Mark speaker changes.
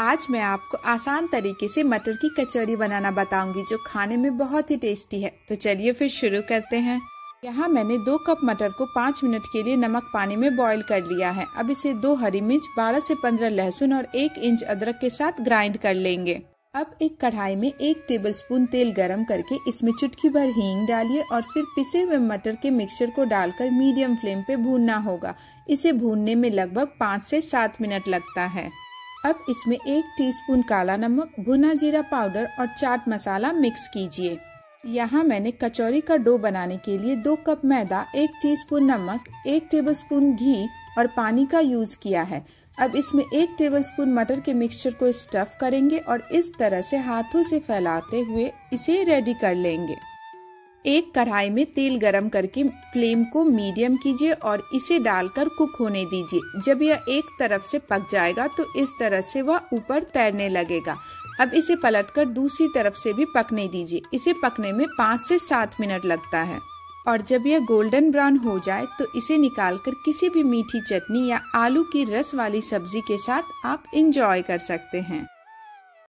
Speaker 1: आज मैं आपको आसान तरीके से मटर की कचौरी बनाना बताऊंगी जो खाने में बहुत ही टेस्टी है तो चलिए फिर शुरू करते हैं यहाँ मैंने दो कप मटर को पाँच मिनट के लिए नमक पानी में बॉईल कर लिया है अब इसे दो हरी मिर्च बारह से पंद्रह लहसुन और एक इंच अदरक के साथ ग्राइंड कर लेंगे अब एक कढ़ाई में एक टेबलस्पून तेल गरम करके इसमें चुटकी भर हींग डालिए और फिर पिसे हुए मटर के मिक्सचर को डालकर मीडियम फ्लेम पे भूनना होगा इसे भूनने में लगभग पाँच से सात मिनट लगता है अब इसमें एक टीस्पून काला नमक भुना जीरा पाउडर और चाट मसाला मिक्स कीजिए यहाँ मैंने कचौरी का डो बनाने के लिए दो कप मैदा एक टीस्पून नमक एक टेबलस्पून घी और पानी का यूज किया है अब इसमें एक टेबलस्पून मटर के मिक्सचर को स्टफ करेंगे और इस तरह से हाथों से फैलाते हुए इसे रेडी कर लेंगे एक कढ़ाई में तेल गरम करके फ्लेम को मीडियम कीजिए और इसे डालकर कुक होने दीजिए जब यह एक तरफ से पक जाएगा तो इस तरह से वह ऊपर तैरने लगेगा अब इसे पलटकर दूसरी तरफ से भी पकने दीजिए इसे पकने में पाँच से सात मिनट लगता है और जब यह गोल्डन ब्राउन हो जाए तो इसे निकालकर किसी भी मीठी चटनी या आलू की रस वाली सब्जी के साथ आप इंजॉय कर सकते हैं